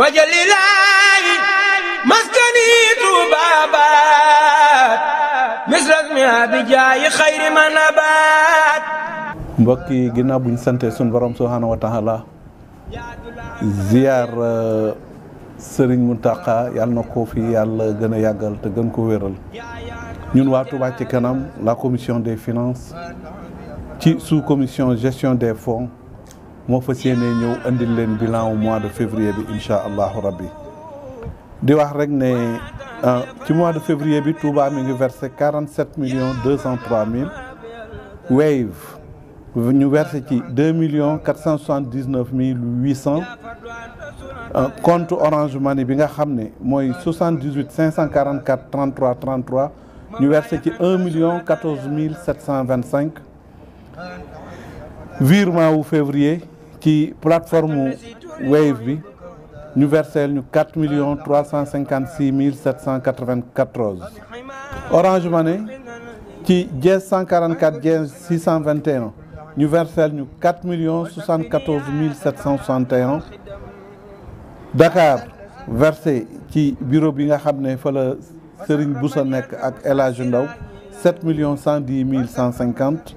wajalilaayi maskani tuubaabaat misras mi abijaayi xayri manabaat mbokk yi ginnaaw bu ñu sante suñu borom subhaanahu wa taala ziyaar euh, sëriñ Muntaqa yàlla na ko fi yàlla gën a yàggal te gën ko wéral ñun waa Touba ci kanam la commission des finance ci sous commission gestion des fonds moo fas yéene ñëw indil leen bilan mois de février bi incha allahu rabbi di wax rek ne euh, ci mois de février bi Touba mi ngi versé quarante sept million deux cent trois mille Wave ñu versé ci deux millions quatre cent soixante dix neuf mille huit cent euh, compte Orange Money bi nga xam ne mooy soixante dix huit cinq cent quarante quatre trente trois trente trois ñu versé ci un million quatorze mille sept cent vingt cinq virement wu février ci plateforme Wave bi ñu verseel ñu quatre millions trois cent cinquante six mille sept cent quatre vingt quatorze Orange ci dièse cent quarante quatre dièse six cent vingt ñu verseel ñu quatre millions soixante quatorze mille sept cent soixante Dakar versé ci bureau bi nga xam ne fa la bu sa nekk ak El Hadj Ndaw sept millions cent dix mille cent cinquante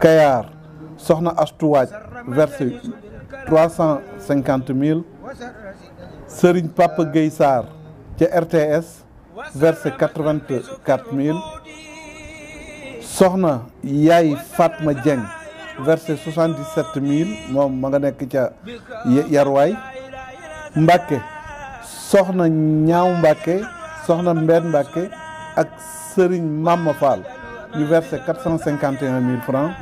Kayar Soxna Astu verse trois cent cinquante mille Serigne Papa Gueye ca RTS verse quatre mille Soxna Yaay Fatma Dieng verse soixante-dix-sept mille moom ma nga nekk ca Yarwaay Mbacke Soxna Ñaaw Mbacke Soxna Mbeen Mbacke ak sëriñ Mama Fall ñu verse quatre mille francs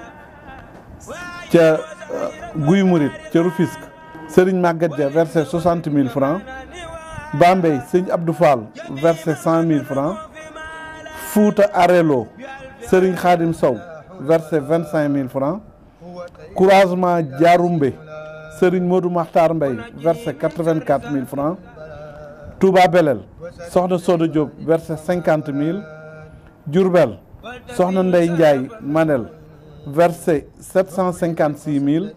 ca Guy Mouride ca Rufisque Serigne Maguette Dia soixante mille francs Bambey Serigne Abdou Fall versé cent mille francs Fouta Arelo Serigne Khadim Sow versé vingt cinq mille francs Couragement Diaroumbe Serigne Modou Makhtar Mbaye versé quatre vingt quatre mille francs Touba Soxna Soda Diop cinquante mille Diourbel Soxna Ndeye Ndiaye Manel versé sept cinquante six mille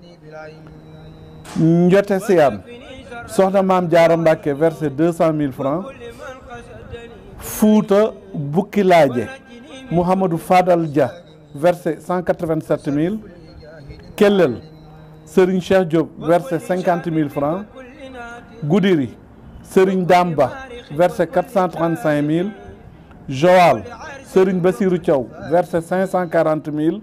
Njote Siyaan soxna maam Jaara Mbàkke versé deux cent mille francs Fuuta Bukki Laaje Mouhamadou Fadal Dia versé cent quatre vingt sept mille Kellel Serigne Cheikh Diop versé cinquante mille francs Goudiri Serigne Damba versé quatre cent trente cinq mille Joal Serigne Bassirou Thiaw versé cinq cent quarante mille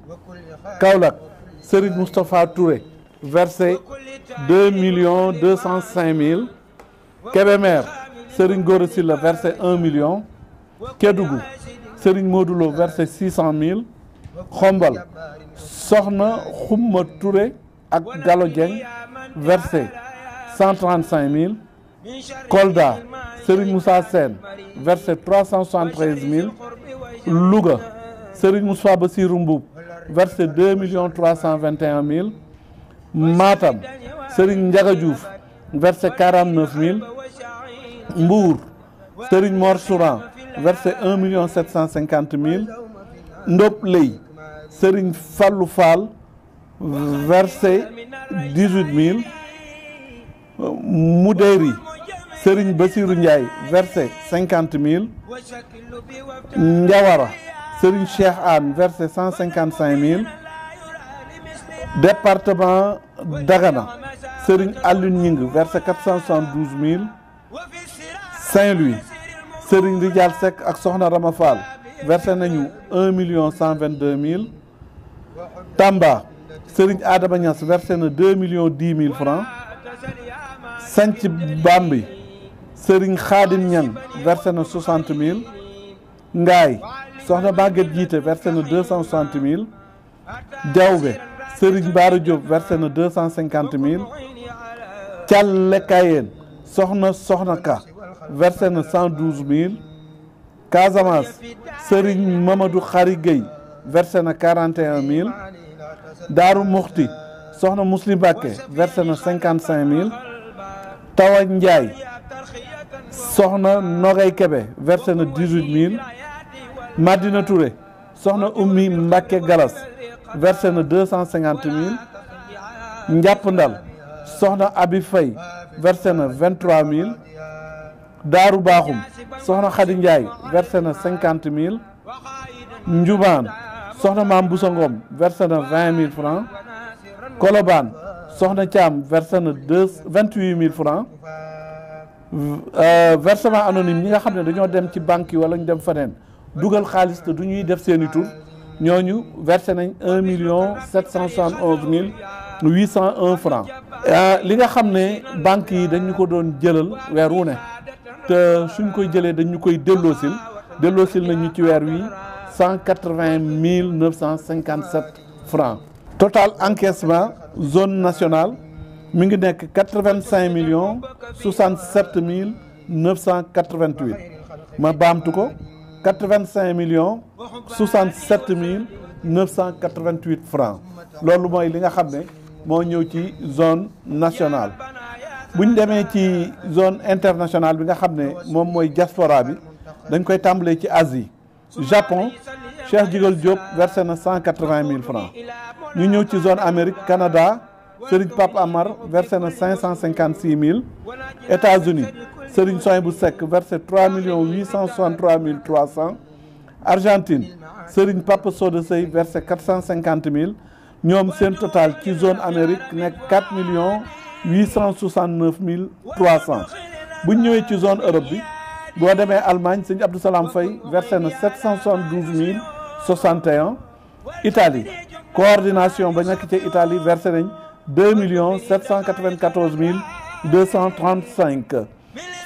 Kaolack Serigne Moustapha Touré versé million millions deux cent cinq mille Kébémer Serigne Gora Sylla versé un million Kédougou Serigne Modou Lo versé six cent mille Xombal Soxna Xumma Touré ak Gallo Dieng versé cent trente mille Kolda Serigne Moussa Sène versé trois cent soixante mille Louga Serigne Moussa Bassirou Mboub versé deux millions cent vingt mille Matam Serigne Ndiaga Diouf versé quarante neuf mille Mbour Serigne Mor Souran un million sept cent cinquante mille Ndop Ley Serigne Fallou Fall versé dix huit mille Moudéri Serigne Ndiaye versé cinquante mille Ndiawara Serigne Cheikh Anne versé cent cinquante cinq mille departement Dagana Serigne Alioune Gningue versé quatre cent soixante-douze mille Saint-Louis Serigne Ridial Seck ak Soxna Rama Fall nañu un million cent vingt-deux mille Tamba Serigne Adama Niass versé na deux millions dix mille francs Sanc Bambi Serigne Khadim Niang versé na soixante mille Ngaay Soxna Maguette Jiite versé na deux cent soixante mille Diawbe Serigne Bara Diop versé na deux cent cinquante mille Thialé soxna soxna ka versé na cent douze mille Casamance Serigne Mamadou Khary na quarante et un mille Daaru Muxti soxna Muslim Bakke versé na cinquante cinq mille Tawa Ndiaye soxna Nogay Kebe versé na dix soxna Ummi Mbakke Galas versé na deux cent cinquante mille njàpp ndal soxna abi fay versé na vingt trois mille daaru baaxum soxna xadi njaay versé na cinquante mille njubaan soxna maam busa ngom versé na vingt mille francs kolobaan soxna caam versé na deux vingt huit mille francs euh, versement anonyme ñi nga xam ne dañoo dem ci banque yi wala ñu dem feneen dugal xaalis te du ñuy def seeni tur ñooñu versé nañ un million sept cent soixante onze mille huit cent un franc ah, li nga xam ne banques yi dañu ko doon jëlal weer wu ne te suñ koy jëlee dañu koy delloosil delloosil nañu ci weer wi cent quatre vingt mille neuf cent cinquante sept franc total encaissement zone nationale mu ngi nekk quatre vingt cinq millions soixante sept mille neuf cent quatre vingt huit ma baamtu ko quatre-vingt-cinq millions soixante-sept mille neuf cent quatre-vingt-huit francs loolu mooy li nga xam ne moo ñëw ci zone nationale bu ñu demee ci zone internationale bi nga xam ne moom mooy diaspora bi dañ koy tàmbalee ci Asie Japon Cheikh Jigal Diop versé na cent quatre-vingt mille francs ñu ñëw ci zone Amérique Canada Serigne Pape Amar versé na cinq cent cinquante-six mille États-Unis Serigne Souhaïbou Seck versé 3 millions 863 mille 300 Argentine Serigne Papa Soda Sey versé 450 mille ñoom seen total ci zone Amérique nekk 4 millions 869 mille 300 bu ñu ñëwee ci zone Europe bi boo demee Allemagne Serigne Abdou Salam Faye versé na 772 mille 61 Italie coordination ba nekk ci Italie versé nañ 2 millions 794 mille 235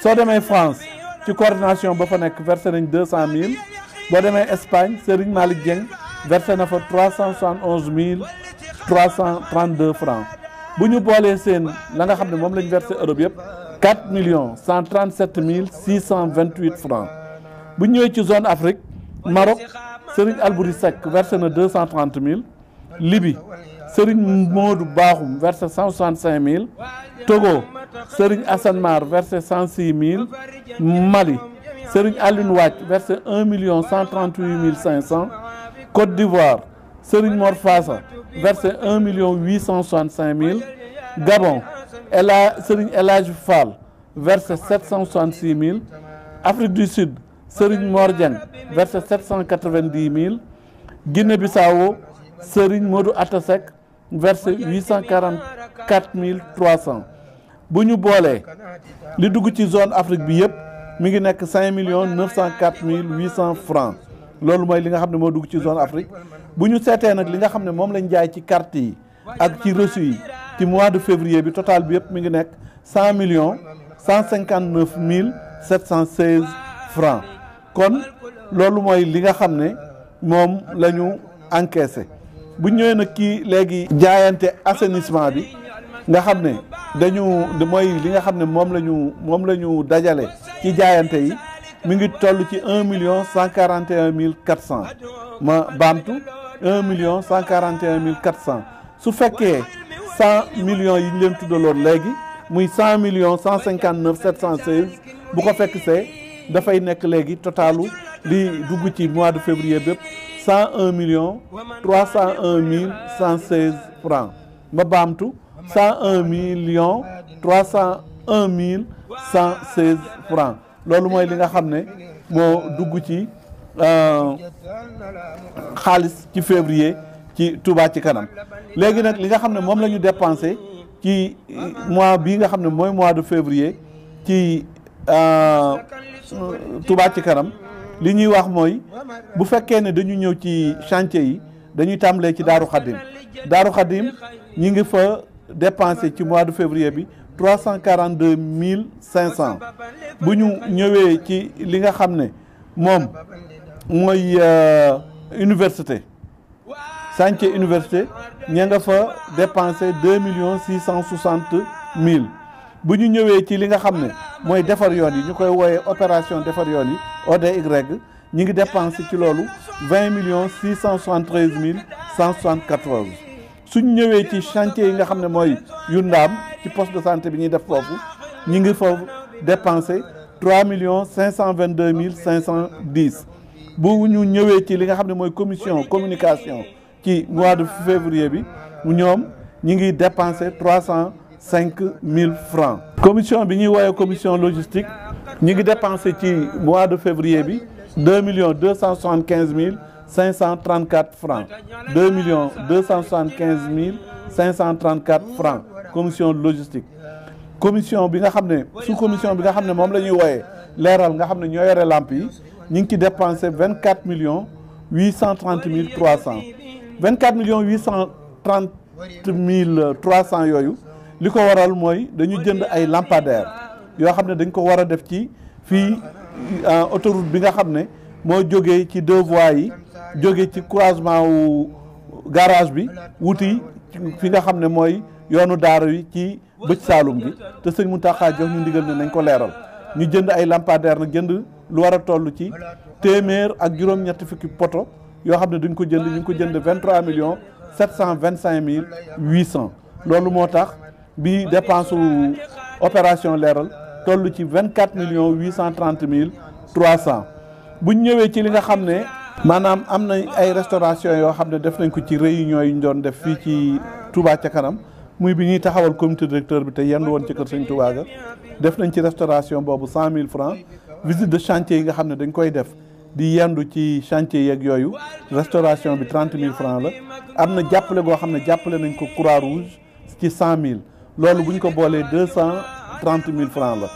soo demee France ci coordination ba fa nekk versé nañ deux cent mille boo demee Espagne Serigne Malick Dieng versé na fa trois cent soixante onze mille trois cent trente deux francs bu ñu boolee seen la nga xam ne moom lañ versé Europe yëpp quatre millions cent trente mille six cent vingt huit francs bu ñëwee ci zone Afrique Maroc Serigne Albouri Seck versé na deux cent trente mille Libye Serigne Modou Bakhoum versé cent soixante cinq mille Togo. Serigne Assane Mar versé cent six mille Mali Serigne Alioune Wàcc versé un million cent trente huit mille cinq cent Côte d'Ivoire Serigne Mor Fassa versé un million huit cent soixante cinq mille Gabon Ela Serigne El Hadj Fall versé sept cent soixante six mille Afrique du Sud Serigne Mor Dieng versé sept cent quatre vingt dix mille Guinée-Bissau Serigne Modou Atasek versé huit cent quarante quatre mille trois cents bu ñu boolee li dugg ci zone Afrique bi yëpp mi ngi nekk cinq millions neuf cent quatre mille huit cent francs loolu mooy li nga xam ne moo dugg ci zone Afrique bu ñu seetee nag li nga xam ne moom lañ jaay ci carte yi ak ci reçu yi mois de février bi total bi yëpp ngi nekk cent millions cent cinquante neuf mille sept cent seize francs kon loolu mooy li nga xam ne moom la ñu encaissé bu ñëwee nag kii léegi jaayante assainissement bi nga xam ne dañu mooy li nga xam ne moom la ñu moom la ñu dajale ci jaayante yi mu ngi toll ci un million cent quarante mille quatre cent ma baamtu un million cent quarante mille quatre cent su fekkee cent millions yi ñu leen tuddaloon léegi muy cent millions cent cinquante neuf sept cent seize bu ko fekk se dafay nekk léegi totalu li dugg ci mois de février bépp cent un million trois cent un mille cent seize francs ma baamtu 101 millions 301 mille 116 francs loolu mooy li nga xam ne moo dugg ci euh, xaalis ci février ci Touba ci kanam léegi nag li nga xam ne moom lañu ñu dépensé ci euh, mois bii nga xam ne mooy mois de février ci euh, Touba ci kanam li ñuy wax mooy bu fekkee ne dañu ñëw ci chantier yi dañuy tàmbalee ci Daaru Xadim Daaru Xadim ñi ngi fa dépensé ci mois de février bi trois cent quarante deux mille cinq cent bu ñu ñëwee ci li nga xam ne moom mooy euh, université chantier université ña nga fa dépensé deux millions six cent soixante mille bu ñu ñëwee ci li nga xam ne mooy defar yoon yi ñu koy wooyee opération defar yoon yi ODY ñi ngi dépensé ci loolu vingt millions six cent soixante treize mille cent soixante quatorze suñ ñëwee ci chantier yi nga xam ne mooy yu ndaam ci poste de santé bi ñuy def foofu ñi ngi foofu dépensé trois millions cinq cent vingt deux mille cinq cent dix bu ñu ñëwee ci li nga xam ne mooy commission communication ci mois de février bi ñoom ñu ngi dépensé trois cent cinq mille francs commission bi ñuy woowee commission logistique ñu ngi dépensé ci mois de février bi deux millions deux cent soixante quinze mille cinq cent trente quatre francs deux million deux cent soixante quinze mille cinq cent trente quatre francs commission logistique commission bi nga xam ne sous commission bi nga xam ne moom la ñuy wooyee leeral nga xam ne ñoo yore làmp ñu ngi ci dépensé vingt quatre millions huit cent mille trois cent vingt quatre millions huit cent mille trois cent yooyu li ko waral mooy dañu jënd ay lampadaire yoo xam ne dañ ko war a def ci fii euh, autoroute bi nga xam ne moo jógee ci deux voies yi jóge ci croisement wu garage bi wuti fi nga xam ne mooy yoonu daara yi ci bëj saalum bi te sëñ Mountakha jox ñu ndigal ne nañ ko leeral ñu jënd ay lampadaire nag jënd lu war a toll ci téeméer ak juróom-ñetti fukki poto yoo xam ne dañ ko jënd ñu ngi ko jënd vingt trois millions sept cent vingt cinq mille huit cent loolu moo tax bi dépense wu opération leeral toll ci vingt quatre millions huit cent trente mille trois cent bu ñëwee ci li nga xam ne maanaam am na ay restauration yoo xam ne def nañ ko ci réunion yi ñu doon def fii ci tubaa ca kanam muy bi ñuy taxawal comité directeur bi te yendu woon ci kër Sëñ ga def nañ ci restauration boobu cent mille francs visite de chantier yi nga xam ne dañ koy def di yendu ci chantier yeeg yooyu restauration bi trente mille francs la am na jàppale boo xam ne jàppale nañ ko croix rouge ci cent mille loolu bu ñu ko boolee deux cent trente mille francs la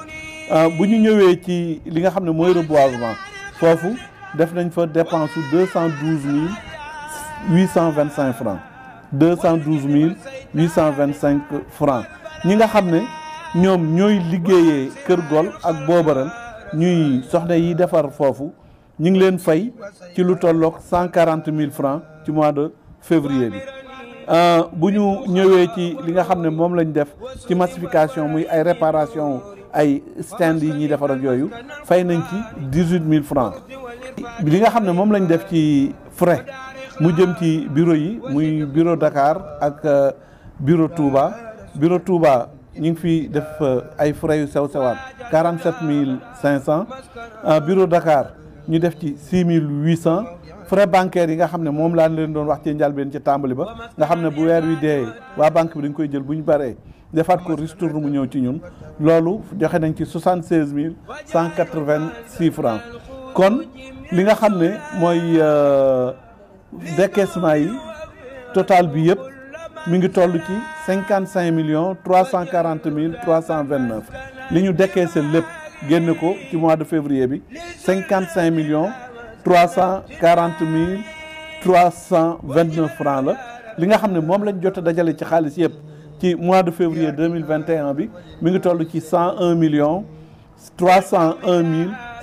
euh, bu ñu ñëwee ci li nga xam ne mooy reboisement foofu def nañ fa dépense su deux cent douze mille huit cent vingt cinq francs deux cent douze mille huit cent vingt cinq francs ñi nga xam ne ñoom ñooy liggéeyee Kër Gol ak Boobaral ñuy soxna yi defar foofu ñu ngi leen fay ci lu tolloog cent quarante mille francs ci mois de février bi euh, bu ñu ñëwee ci li nga xam ne moom lañ def ci massification muy ay réparation ay stand yi ñuy defaral yooyu fay nañ ci dix huit mille francs li nga xam ne moom lañ def ci frais mu jëm ci bureau yi muy bureau Dakar ak euh, bureau Touba bureau Touba ñu ngi fi def euh, ay frais yu sew sewaat quarante sept mille cinq cent euh, bureau Dakar ñu def ci six mille huit cent frais bancaires yi nga xam ne moom laa leen doon wax ci njalbeen ci tàmbali ba nga xam ne bu weer wi dee waa banque bi dañ koy jël bu ñu baree defaat ko ristourne mu ñëw ci ñun loolu joxe nañ ci soixante seize mille cent quatre vingt six francs kon li nga xam ne mooy euh, décaissement yi total bi yëpp mi ngi toll ci cinquante cinq millions trois cent quarante mille trois cent vingt neuf li ñu décaissé lépp génn ko ci mois de février bi cinquante cinq millions trois cent quarante mille trois cent vingt neuf francs la li nga xam ne moom lañ jot a dajale ci xaalis yëpp ci mois de février deux mille vingt et bi mi ngi toll ci cent un millions trois cent un mille.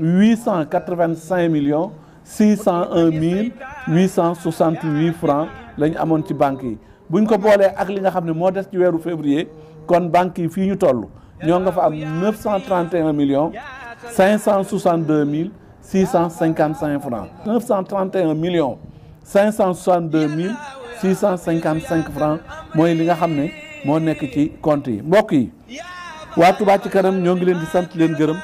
huit cent quatre-vingt-cinq millions six cent un mille huit cent soixante-huit amoon ci banques yi buñ ko boolee ak li nga xam ne moo des ci weeru février kon banques yi fii ñu toll ñoo nga fa am neuf millions cinq cent soixante-deux mille six cent cinquante-cinq francs neuf cent trente millions cinq cent soixante-deux mille six cent cinquante-cinq francs mooy li nga xam ne moo nekk ci compte yi mbokk yi waa Touba ci kanam ñoo ngi leen di sant leen gërëm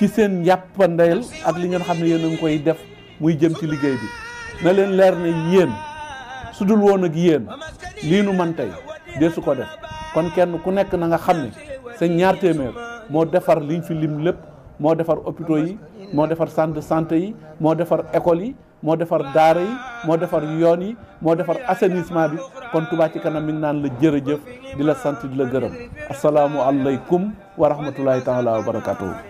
ci seen yàppandeel ak li ngeen xam ne yéen a ngi koy def muy jëm ci liggéey bi na leen leer na yéen su dul woon ak yéen lii nu man tey dee su ko def kon kenn ku nekk na nga xam ne sa ñaar téeméer moo defar liñ fi lim lépp moo defar opito yi moo defar sant sant yi moo defar école yi moo defar daara yi moo defar yoon yi moo defar assainissement bi kon Touba ci kanam mi ngi naan la jërëjëf di la sant di la gërëm asalaamualeykum wa rahmatulahi taala wa barakatuhu